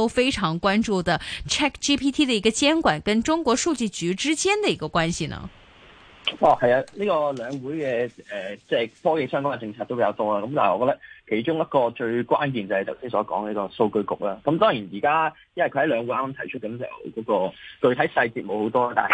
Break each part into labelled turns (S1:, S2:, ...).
S1: 都非常關注的 ChatGPT 的一個監管，跟中國數據局之間的一個關係呢？哦，
S2: 係啊，呢、這個兩會嘅誒，即、呃、係、就是、科技相關嘅政策都比較多啦。咁但係我覺得其中一個最關鍵就係頭先所講呢個數據局啦。咁當然而家因為佢喺兩會啱啱提出咁，就嗰個具體細節冇好多，但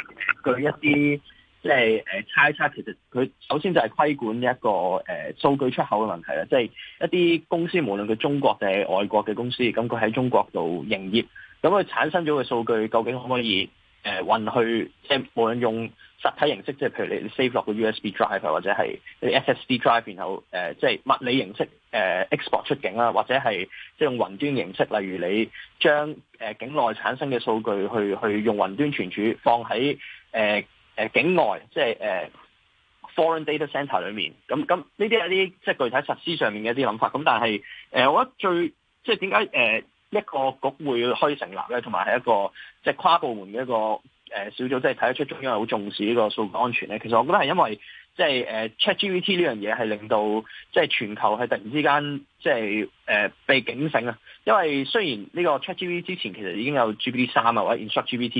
S2: 係具一啲。即係誒猜測，其實佢首先就係規管一個誒、呃、數據出口嘅問題啦。即、就、係、是、一啲公司，無論佢中國定係外國嘅公司，咁佢喺中國度營業，咁佢產生咗嘅數據，究竟可唔可以誒、呃、運去即係無論用實體形式，即係譬如你，你 save 落個 USB drive 或者係 SSD drive，然後誒、呃、即係物理形式誒、呃、export 出境啦，或者係即係用雲端形式，例如你將誒、呃、境內產生嘅數據去去用雲端存儲，放喺誒。誒境外即係誒 foreign data centre 裏面，咁咁呢啲一啲即係具體實施上面嘅一啲諗法。咁但係誒、呃，我覺得最即係點解誒一個局會可以成立咧，同埋係一個即係、就是、跨部門嘅一個誒、呃、小組，即係睇得出中央係好重視呢個數據安全咧。其實我覺得係因為。即係誒 ChatGPT 呢樣嘢係令到即係全球係突然之間即係誒、uh, 被警醒啊！因為雖然呢個 ChatGPT 之前其實已經有 GPT 三啊或者 InstructGPT，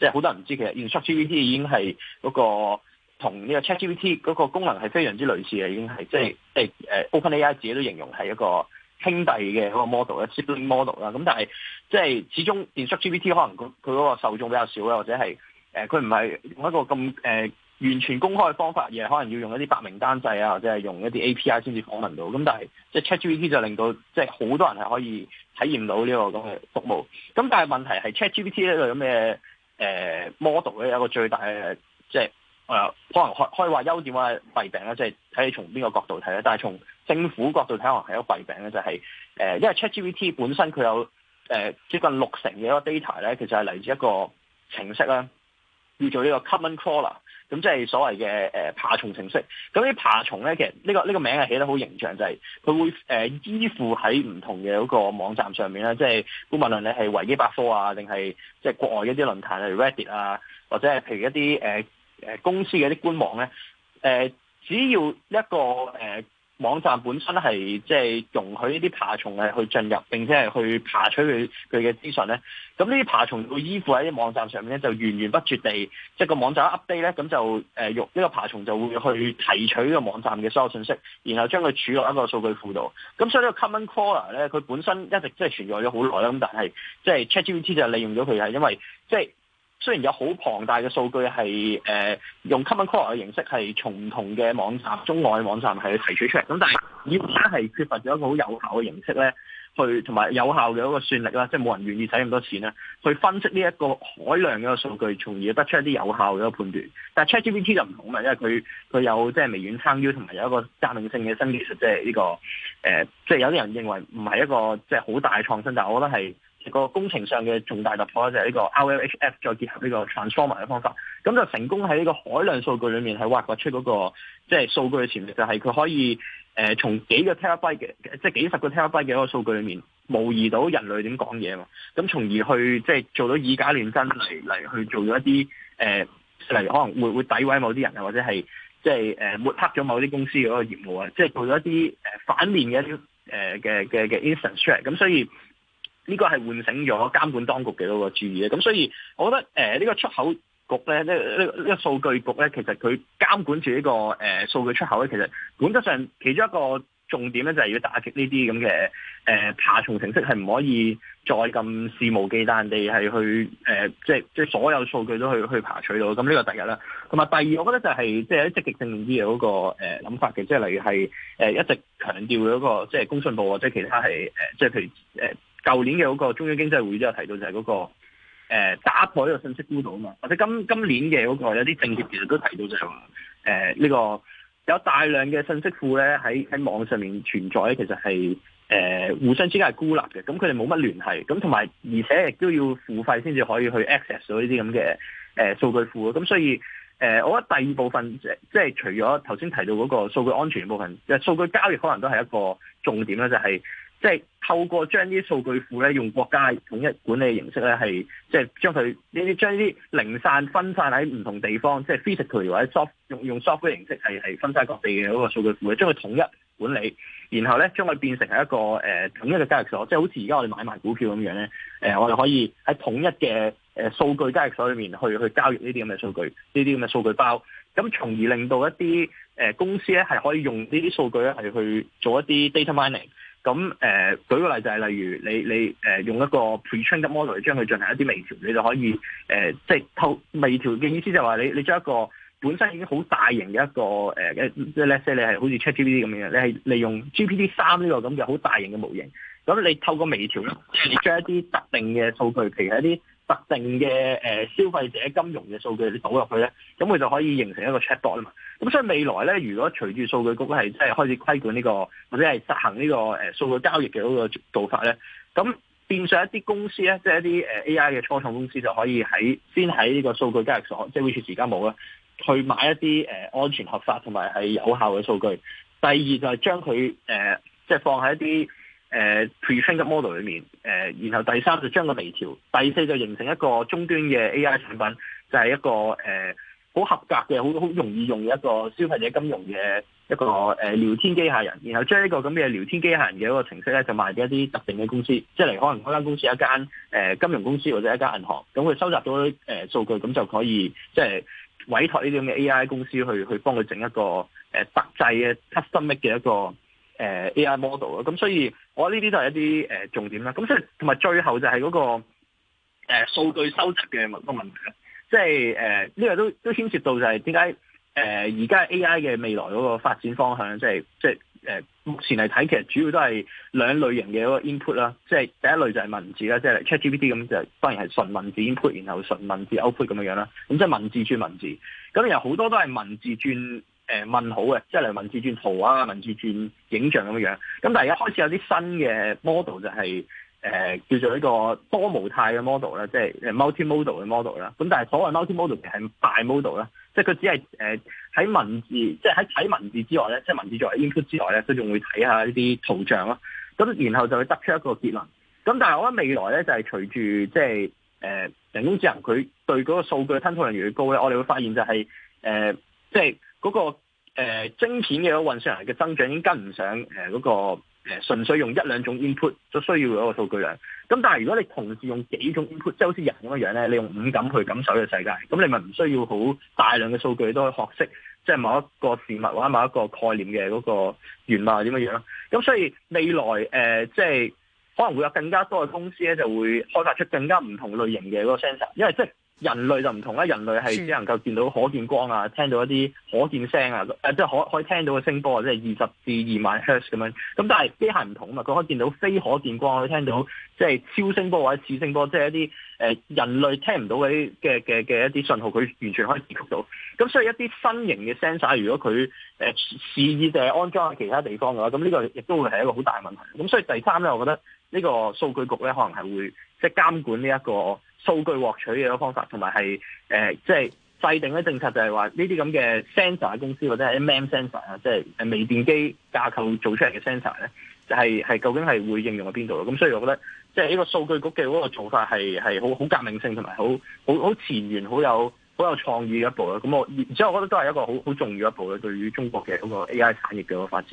S2: 即係好多人唔知其實 InstructGPT 已經係嗰、嗰個同呢個 ChatGPT 嗰個功能係非常之類似嘅，已經係即係誒誒 OpenAI 自己都形容係一個兄弟嘅嗰個 model 啦 Sibling model 啦。咁、mm. 但係即係始終 InstructGPT 可能佢嗰個受眾比較少啦，或者係誒佢唔係用一個咁誒。呃完全公開嘅方法，而係可能要用一啲白名單制啊，或者係用一啲 API 先至訪問到。咁但係，即、就、係、是、ChatGPT 就令到即係好多人係可以體驗到呢、這個咁嘅、這個、服務。咁但係問題係 ChatGPT 呢個咁嘅誒、呃、model 咧，有一個最大嘅即係誒可能可以話優點啊，弊病咧，即係睇你從邊個角度睇咧。但係從政府角度睇，可能係一個弊病咧，就係、是、誒、呃，因為 ChatGPT 本身佢有誒接、呃、近六成嘅一個 data 咧，其實係嚟自一個程式啦。叫做呢個 common crawler，咁即係所謂嘅誒、呃、爬蟲程式。咁呢爬蟲咧，其實呢、呢個呢、呢個名係起得好形象，就係、是、佢會誒、呃、依附喺唔同嘅嗰個網站上面咧，即係無論你係維基百科啊，定係即係國外一啲論壇，例如 Reddit 啊，或者係譬如一啲誒誒公司嘅一啲官網咧，誒、呃、只要一個誒。呃網站本身係即係容許呢啲爬蟲係去進入，並且係去爬取佢佢嘅資訊咧。咁呢啲爬蟲會依附喺啲網站上面咧，就源源不絕地，即係個網站一 update 咧，咁就誒用呢個爬蟲就會去提取呢個網站嘅所有信息，然後將佢儲落一個數據庫度。咁所以呢個 Common Caller 咧，佢本身一直即係、就是、存在咗好耐啦。咁但係即係、就是、ChatGPT 就利用咗佢，係因為即係。就是雖然有好龐大嘅數據係誒、呃、用 Common Crawl 嘅形式係從唔同嘅網站、中外的網站係提取出嚟，咁但係而家係缺乏咗一個好有效嘅形式咧，去同埋有，有效嘅一個算力啦，即係冇人願意使咁多錢啦，去分析呢一個海量嘅數據，從而得出一啲有效嘅一個判斷。但係 ChatGPT 就唔同啊，因為佢佢有即係微軟撐腰，同埋有一個革命性嘅新技術，即係呢、這個誒、呃，即係有啲人認為唔係一個即係好大嘅創新，但係我覺得係。個工程上嘅重大突破就係呢個 RLHF 再結合呢個 Transformer 嘅方法，咁就成功喺呢個海量數據裏面係挖掘出嗰、那個即係、就是、數據嘅潛力，就係佢可以誒、呃、從幾個 terabyte 嘅即係、就是、幾十個 terabyte 嘅一個數據裏面模擬到人類點講嘢嘛，咁從而去即係、就是、做到以假亂真嚟嚟去做咗一啲、呃、例如可能會會詆毀某啲人啊，或者係即係誒抹黑咗某啲公司嘅一個業務啊，即、就、係、是、做咗一啲誒、呃、反面嘅一啲誒嘅嘅嘅 instance 出嚟。咁，所以。呢、這個係喚醒咗監管當局嘅嗰個注意嘅，咁所以我覺得誒呢、呃這個出口局咧，呢呢呢個數據局咧，其實佢監管住呢、這個誒、呃、數據出口咧，其實本質上其中一個重點咧，就係、是、要打擊呢啲咁嘅誒爬蟲程式，係唔可以再咁肆無忌憚地係去誒、呃，即係即係所有數據都去去爬取到。咁呢個第一啦，同埋第二，我覺得就係、是、即係喺積極正面啲嘅嗰個誒諗、呃、法嘅，即係例如係誒、呃、一直強調嗰、那個即係工信部或者其他係誒、呃，即係譬如誒。呃舊年嘅嗰個中央經濟會議都有提到就是、那個，就係嗰個誒打破呢個信息孤島啊嘛。或者今今年嘅嗰個有啲政協其實都提到、就是，就係話誒呢個有大量嘅信息庫咧喺喺網上面存在，其實係誒、呃、互相之間係孤立嘅。咁佢哋冇乜聯繫。咁同埋而且亦都要付費先至可以去 access 到呢啲咁嘅誒數據庫啊。咁所以誒、呃，我覺得第二部分即係、就是、除咗頭先提到嗰個數據安全的部分，其、就、實、是、數據交易可能都係一個重點啦，就係、是。即、就、係、是、透過將啲數據庫咧，用國家統一管理嘅形式咧，係即係將佢呢啲將啲零散分散喺唔同地方，即係 physical 或者 soft 用用 soft 嘅形式係分散各地嘅嗰個數據庫，將佢統一管理，然後咧將佢變成係一個誒統一嘅交易所，即係好似而家我哋買賣股票咁樣咧，誒我哋可以喺統一嘅誒數據交易所裏面去去交易呢啲咁嘅數據，呢啲咁嘅數據包，咁從而令到一啲誒公司咧係可以用呢啲數據咧係去做一啲 data mining。咁誒、呃、舉個例就係例如你你誒、呃、用一個 pretrained model 將佢進行一啲微調，你就可以誒即係透微調嘅意思就係話你你將一個本身已經好大型嘅一個誒即係 let's say 你係好似 ChatGPT 咁樣，你係利用 GPT 三呢個咁嘅好大型嘅模型，咁你透過微調你即將一啲特定嘅數據，譬如一啲。特定嘅誒消費者金融嘅數據，你倒入去咧，咁佢就可以形成一個 check box 啊嘛。咁所以未來咧，如果隨住數據局係即係開始規管呢個，或者係實行呢個誒數據交易嘅嗰個做法咧，咁變相一啲公司咧，即係一啲誒 AI 嘅初創公司就可以喺先喺呢個數據交易所，即係 which is 而家冇啦，去買一啲誒安全合法同埋係有效嘅數據。第二就係將佢誒即係放喺一啲。誒、呃、prefect model 裏面，誒、呃、然後第三就將個微調，第四就形成一個終端嘅 AI 產品，就係、是、一個誒好、呃、合格嘅好好容易用嘅一個消費者金融嘅一個、呃、聊天機械人，然後將呢個咁嘅聊天機械人嘅一個程式咧，就賣俾一啲特定嘅公司，即係可能開間公司一間、呃、金融公司或者一間銀行，咁佢收集到啲數據，咁就可以即係委託呢啲咁嘅 AI 公司去去幫佢整一個誒特製嘅核心嘅一個。呃誒、呃、AI model 咯，咁所以我覺得呢啲都係一啲、呃、重點啦。咁即係同埋最後就係嗰、嗰個誒、呃、數據收集嘅個問題啦。即係誒呢個都都牽涉到就係點解誒而家 AI 嘅未來嗰個發展方向，即係即係誒目前嚟睇，其實主要都係兩類型嘅嗰個 input 啦。即係第一類就係文字啦，即係 ChatGPT 咁就當然係純文字 input，然後純文字 output 咁樣樣啦。咁即係文字轉文字，咁然後好多都係文字轉。誒問好嘅，即係嚟文字轉圖啊，文字轉影像咁樣樣。咁但係而家開始有啲新嘅 model 就係誒叫做一個多模態嘅 model 啦，即係 multi-modal 嘅 model 啦。咁但係所謂 multi-modal 其實係大 model 啦，即係佢只係誒喺文字，即係喺睇文字之外咧，即係文字作為 input 之外咧，佢仲會睇下呢啲圖像啦。咁然後就會得出一個結論。咁但係我覺得未來咧就係隨住即係誒人工智能佢對嗰個數據嘅吞吐量越嚟越高咧，我哋會發現就係誒即係。嗰、那個誒、呃、晶片嘅運算能力嘅增長已經跟唔上誒嗰、呃那個誒、呃、純粹用一兩種 input 所需要嗰個數據量。咁但係如果你同時用幾種 input，即係好似人咁樣樣咧，你用五感去感受嘅世界，咁你咪唔需要好大量嘅數據都去學識，即、就、係、是、某一個事物或者某一個概念嘅嗰個原貌係點樣樣咯。咁所以未來誒，即、呃、係、就是、可能會有更加多嘅公司咧，就會開發出更加唔同類型嘅嗰個 sensor，因為即係人類就唔同啦，人類係只能夠見到可見光啊，聽到一啲可見聲啊，誒即係可可以聽到嘅聲波啊，即係二十至二萬 Hz 咁樣。咁但係機械唔同啊，佢可以見到非可見光，可以聽到即係超聲波或者次聲波，即係一啲誒人類聽唔到嘅嘅嘅嘅一啲信號，佢完全可以接觸到。咁所以一啲新型嘅 sensor，如果佢誒示意就係安裝喺其他地方嘅話，咁呢個亦都會係一個好大嘅問題。咁所以第三咧，我覺得呢個數據局咧，可能係會即係監管呢一個。數據獲取嘅方法，同埋係誒即係制定啲政策就，就係話呢啲咁嘅 sensor 嘅公司或者係 M、MM、M sensor 啊，即係誒微電機架構做出嚟嘅 sensor 咧、就係，就係係究竟係會應用喺邊度咯？咁所以我覺得，即係呢個數據局嘅嗰個做法係係好好革命性，同埋好好好前沿、好有好有創意嘅一步咯。咁我然之後，我覺得都係一個好好重要一步咯，對於中國嘅嗰個 A I 產業嘅嗰個發展。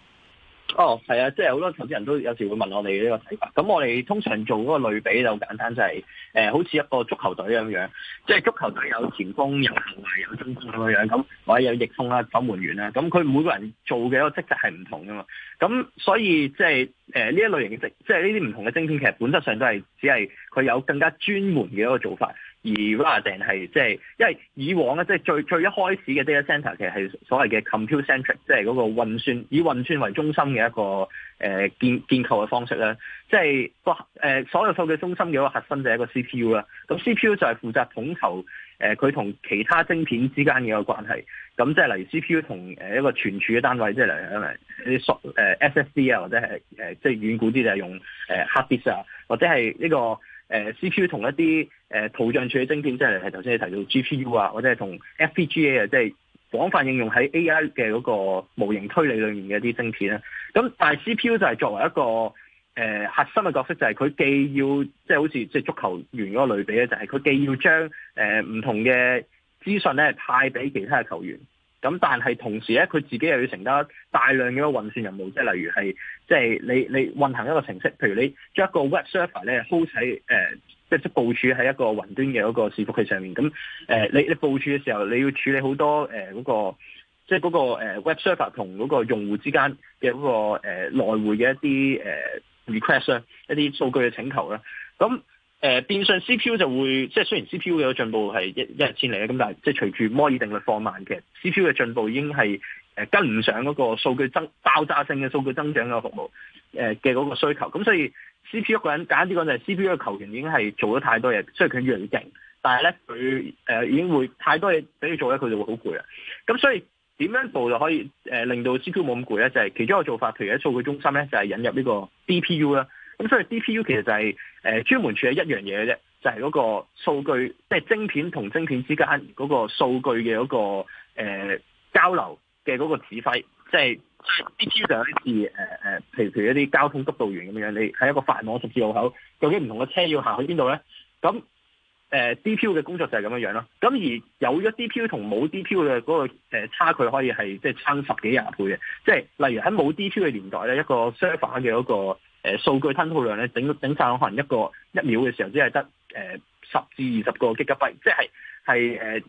S2: 哦，係啊，即係好多投資人都有時會問我哋呢個睇法。咁我哋通常做嗰個類比就好簡單，即、就、係、是呃、好似一個足球隊咁樣，即係足球隊有前鋒、有後衞、有中鋒咁樣，咁或者有翼鋒啦、守門員啦。咁佢每個人做嘅一個職責係唔同噶嘛。咁所以即係呢一類型嘅、就是、精，即係呢啲唔同嘅晶片，其實本質上都係只係佢有更加專門嘅一個做法。而華頂係即係，因為以往咧，即、就、係、是、最最一開始嘅 data center 其實係所謂嘅 compute centric，即係嗰個運算以運算為中心嘅一個誒、呃、建建構嘅方式咧。即、就、係、是呃、所有數據中心嘅一個核心就係一個 CPU 啦。咁 CPU 就係負責統籌誒佢同其他晶片之間嘅一個關係。咁即係例如 CPU 同誒一個存儲嘅單位，即係例如可能啲 SSD 啊，或者係誒即係遠古啲就係用誒 hard disk 啊，呃 Hardbeats, 或者係呢、這個。呃、CPU 同一啲誒、呃、圖像處理晶片，即係係頭先你提到 GPU 啊，或者係同 FPGA 啊，即係廣泛應用喺 AI 嘅嗰個模型推理裡面嘅一啲晶片啦。咁但係 CPU 就係作為一個誒、呃、核心嘅角色，就係、是、佢既要即係、就是、好似即係足球員嗰個類比咧，就係、是、佢既要將誒唔、呃、同嘅資訊咧派俾其他嘅球員。咁但係同時咧，佢自己又要承擔大量嘅運算任務，即係例如係，即係你你運行一個程式，譬如你將一個 web server 咧 host 喺即係即部署喺一個雲端嘅嗰個伺服器上面。咁、呃、你你部署嘅時候，你要處理好多嗰、呃那個，即係嗰個、呃、web server 同嗰個用戶之間嘅嗰、那個誒來、呃、回嘅一啲、呃、request、啊、一啲數據嘅請求啦，咁。誒、呃、變相 CPU 就會，即係雖然 CPU 嘅進步係一一日千里咧，咁但係即係隨住摩爾定律放慢嘅，CPU 嘅進步已經係誒、呃、跟唔上嗰個數據增爆炸性嘅數據增長嘅服務誒嘅嗰個需求。咁所以 CPU 個人簡單啲講就係 CPU 嘅球員已經係做咗太多嘢，所以佢越嚟越勁。但係咧佢誒已經會太多嘢俾佢做咧，佢就會好攰啊。咁所以點樣做就可以誒、呃、令到 CPU 冇咁攰咧？就係、是、其中一個做法，譬如喺數據中心咧，就係、是、引入呢個 DPU 啦。咁所以 DPU 其實就係誒專門處理一樣嘢嘅啫，就係、是、嗰個數據，即係晶片同晶片之間嗰個數據嘅嗰、那個、呃、交流嘅嗰個指揮，即、就、係、是、DPU 就有、呃、一次，似譬如一啲交通督導員咁樣，你喺一個繁忙十字路口，究竟唔同嘅車要行去邊度咧？咁、呃、DPU 嘅工作就係咁樣樣咯。咁而有咗 DPU 同冇 DPU 嘅嗰個差距可以係即係差十幾廿倍嘅，即、就、係、是、例如喺冇 DPU 嘅年代咧，一個 server 嘅嗰、那個。誒、呃、數據吞吐量咧，整整曬可能一個一秒嘅時候，只係得誒十至二十個 Gb，即係係誒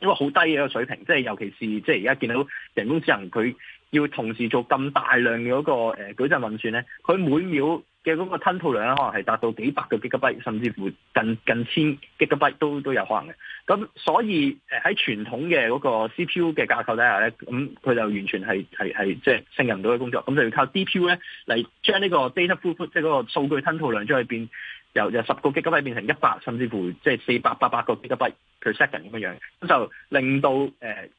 S2: 一個好低嘅一個水平，即係尤其是即係而家見到人工智能佢。要同時做咁大量嘅嗰、那個誒、呃、矩陣運算咧，佢每秒嘅嗰個吞吐量咧，可能係達到幾百個 GigaByte，甚至乎近近千 GigaByte 都有都有可能嘅。咁所以誒喺傳統嘅嗰個 CPU 嘅架構底下咧，咁佢就完全係係係即係勝任唔到嘅工作。咁就要靠 DPU 咧嚟將呢個 data throughput，即係嗰個數據吞吐量將佢變由由十個 GigaByte 變成一百，甚至乎即係四百、八百個 GigaByte per second 咁樣樣，咁就令到誒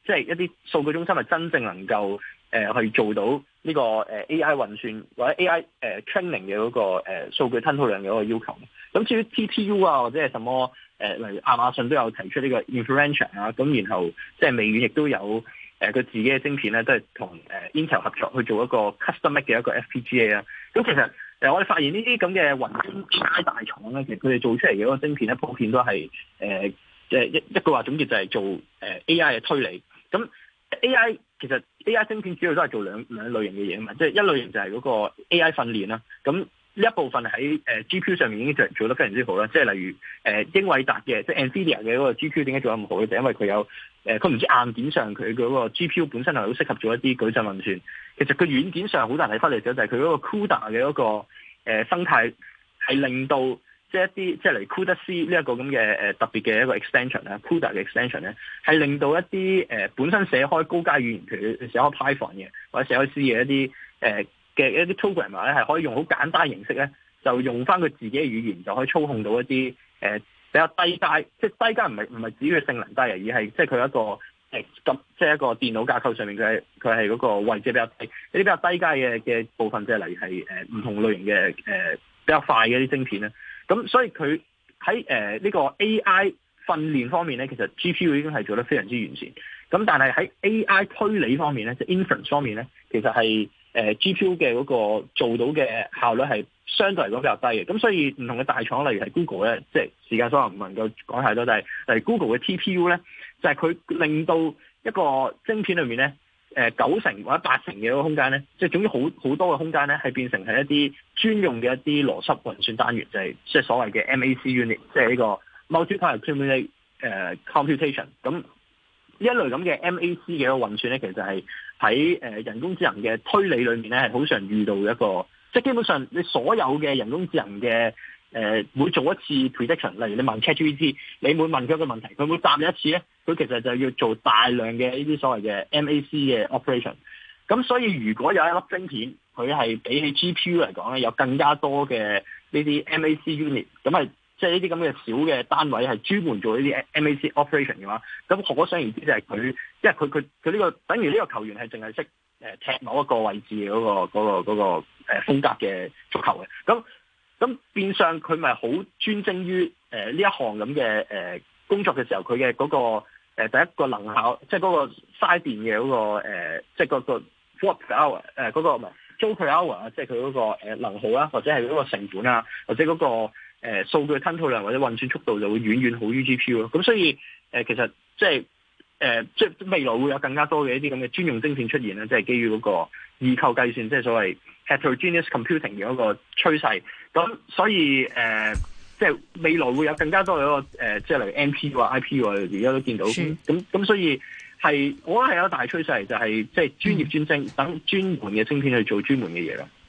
S2: 即係一啲數據中心係真正能夠誒、呃、去做到呢個誒 AI 運算或者 AI 誒 training 嘅嗰個誒、呃、數據吞吐量嘅嗰個要求。咁至於 TPU 啊或者係什麼誒、呃，例如亞馬遜都有提出呢個 Inferential 啊。咁、啊、然後即係微軟亦都有誒佢、呃、自己嘅芯片咧，都係同誒 Intel 合作去做一個 custom 嘅一個 FPGA 啊。咁其實、呃、我哋發現呢啲咁嘅雲端 AI 大廠咧，其實佢哋做出嚟嘅嗰個晶片咧，普遍都係誒即係一一句話總結就係做誒、呃、AI 嘅推理。咁 AI。其實 A I 芯片主要都係做兩兩類型嘅嘢啊嘛，即、就、係、是、一類型就係嗰個 A I 訓練啦。咁呢一部分喺誒 G P U 上面已經做做得非常之好啦。即係例如誒、呃、英偉達嘅，即係 Nvidia 嘅嗰個 G P U 點解做得咁好咧？就係、是、因為佢有誒，佢、呃、唔知道硬件上佢嗰個 G P U 本身係好適合做一啲矩陣運算。其實佢軟件上好大嘅忽略咗，就係佢嗰個 CUDA 嘅嗰、那個、呃、生態係令到。即係一啲即係嚟 CUDA C 呢一個咁嘅、呃、特別嘅一個 extension 咧 CUDA 嘅 extension 咧係令到一啲、呃、本身寫開高階語言佢寫開 Python 嘅或者寫開 C 嘅一啲誒嘅一啲 programmer 咧係可以用好簡單形式咧就用翻佢自己嘅語言就可以操控到一啲誒、呃、比較低階，即係低階唔係唔係指佢性能低啊，而係即係佢一個咁即係一個電腦架構上面佢係佢係嗰個位置比較低，一啲比較低階嘅嘅部分，即係例如係呃、唔同類型嘅、呃、比較快嘅啲晶片咧。咁所以佢喺誒呢個 A.I. 訓練方面咧，其實 G.P.U. 已經係做得非常之完善。咁但係喺 A.I. 推理方面咧，即係 inference 方面咧，其實係呃 G.P.U. 嘅嗰個做到嘅效率係相對嚟講比較低嘅。咁所以唔同嘅大廠，例如係 Google 咧，即係時間所限唔能夠講太多，但係 Google 嘅 T.P.U. 咧，就係佢令到一個晶片裏面咧。誒、呃、九成或者八成嘅嗰個空間咧，即係總之好好多嘅空間咧，係變成係一啲專用嘅一啲邏輯運算單元，就係即係所謂嘅 MAC unit，即係呢個 multiply、呃、accumulate computation。咁一類咁嘅 MAC 嘅運算咧，其實係喺誒人工智能嘅推理裏面咧，係好常遇到嘅一個，即係基本上你所有嘅人工智能嘅。誒每做一次 prediction，例如你問 ChatGPT，你每問佢一個問題，佢會答你一次咧。佢其實就要做大量嘅呢啲所謂嘅 MAC 嘅 operation。咁所以如果有一粒晶片，佢係比起 GPU 嚟講咧，有更加多嘅呢啲 MAC unit，咁係即係呢啲咁嘅小嘅單位係專門做呢啲 MAC operation 嘅話，咁可想而知就係佢，因為佢佢佢呢個等於呢個球員係淨係識誒踢某一個位置嗰個、嗰個、嗰個嗰、嗰個嗰、嗰個、誒風格嘅足球嘅咁。咁變相佢咪好專精於誒呢、呃、一行咁嘅誒工作嘅時候，佢嘅嗰個、呃、第一個能效，即係嗰個嘥電嘅嗰、那個即係嗰個 core hour 誒嗰個唔係 core hour 啊，即係佢嗰個能耗啦，或者係嗰個成本啊，或者嗰、那個數、呃、數據吞吐量或者運算速度就會遠遠好於 GPU 咯。咁所以、呃、其實即係即係未來會有更加多嘅一啲咁嘅專用晶片出現啦，即、就、係、是、基於嗰、那個。異構計算即係所謂 heterogeneous computing 嘅一個趨勢，咁所以誒、呃、即係未來會有更加多嘅一個誒、呃、即係例如 NPU 啊或 IPU 啊，而家都見到，咁咁所以係我覺得係有一個大趨勢就係即係專業專精，嗯、等專門嘅芯片去做專門嘅嘢咯。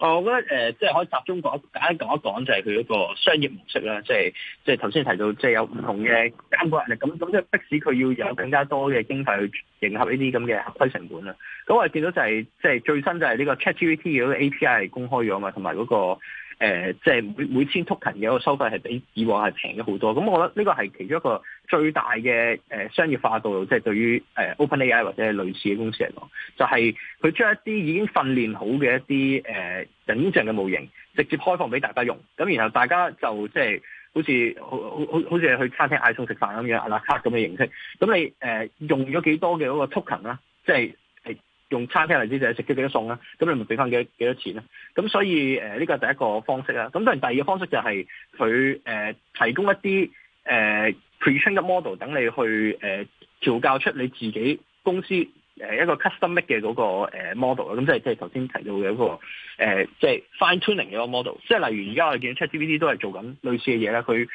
S2: 我覺得誒、呃，即係可以集中講，簡單講一講，就係佢嗰個商業模式啦。即係即係頭先提到，即係有唔同嘅監管壓力，咁咁即係迫使佢要有更加多嘅經費去迎合呢啲咁嘅合規成本啦。咁我哋見到就係、是、即係最新就係呢個 ChatGPT 嗰個 API 公開咗嘛，同埋嗰個。誒、呃，即、就、係、是、每每千 token 嘅一個收費係比以往係平咗好多，咁我覺得呢個係其中一個最大嘅誒、呃、商業化道路，即、就、係、是、對於誒、呃、OpenAI 或者係類似嘅公司嚟講，就係、是、佢將一啲已經訓練好嘅一啲誒現成嘅模型，直接開放俾大家用，咁然後大家就即係、就是、好似好好好好似去餐廳嗌餸食飯咁樣，阿拉卡咁嘅形式，咁你誒、呃、用咗幾多嘅嗰個 token 啦，即係。用餐廳例子就係食咗幾多餸啦，咁你咪俾翻幾多幾多錢啦？咁所以呢個、呃、第一個方式啦，咁當然第二個方式就係佢誒提供一啲誒 pre-trained model 等你去誒、呃、調教出你自己公司、呃、一個 custom-made 嘅嗰個 model 咁即係即係頭先提到嘅嗰個即係 fine-tuning 嘅嗰個 model，即係例如而家我哋見 ChatGPT 都係做緊類似嘅嘢啦，佢。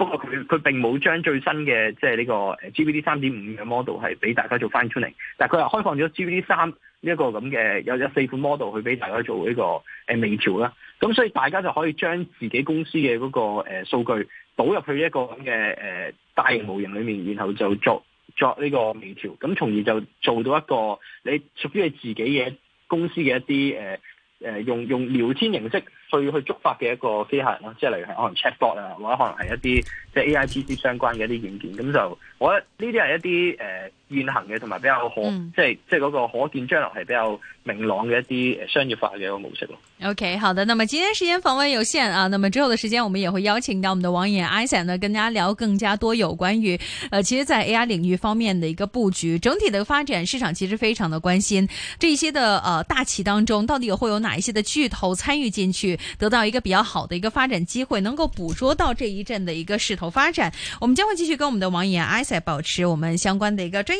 S2: 不過佢佢並冇將最新嘅即係呢個誒 GPT 三點五嘅 model 係俾大家做 fine tuning。但係佢話開放咗 GPT 三呢一個咁嘅有有四款 model 去俾大家做呢個誒微調啦。咁所以大家就可以將自己公司嘅嗰個誒數據倒入去一個咁嘅誒大型模型裡面，然後就作作呢個微調，咁從而就做到一個你屬於你自己嘅公司嘅一啲誒誒用用聊天形式。去去觸發嘅一個機械人咯，即係例如係可能 Chatbot 啊，或者可能係一啲即係 AIGC 相關嘅一啲軟件，件，咁就我覺得呢啲係一啲誒。呃現行嘅同埋比較可、嗯、即係即係嗰個可見將來係比較明朗嘅一啲商業
S1: 化嘅一個模式咯。OK，好的，那麼今天時間訪問有限啊，那麼之後的時間我們也會邀請到我們的王逸研阿 Sir 呢，跟大家聊更加多有關於呃，其實在 AI 領域方面的一個布局，整體的發展市場其實非常的關心，這一些的呃、啊、大企當中，到底會有哪一些的巨頭參與進去，得到一個比較好的一個發展機會能夠捕捉到這一陣的一個勢頭發展，我們將會繼續跟我們的王逸研阿 Sir 保持我們相關的一個專。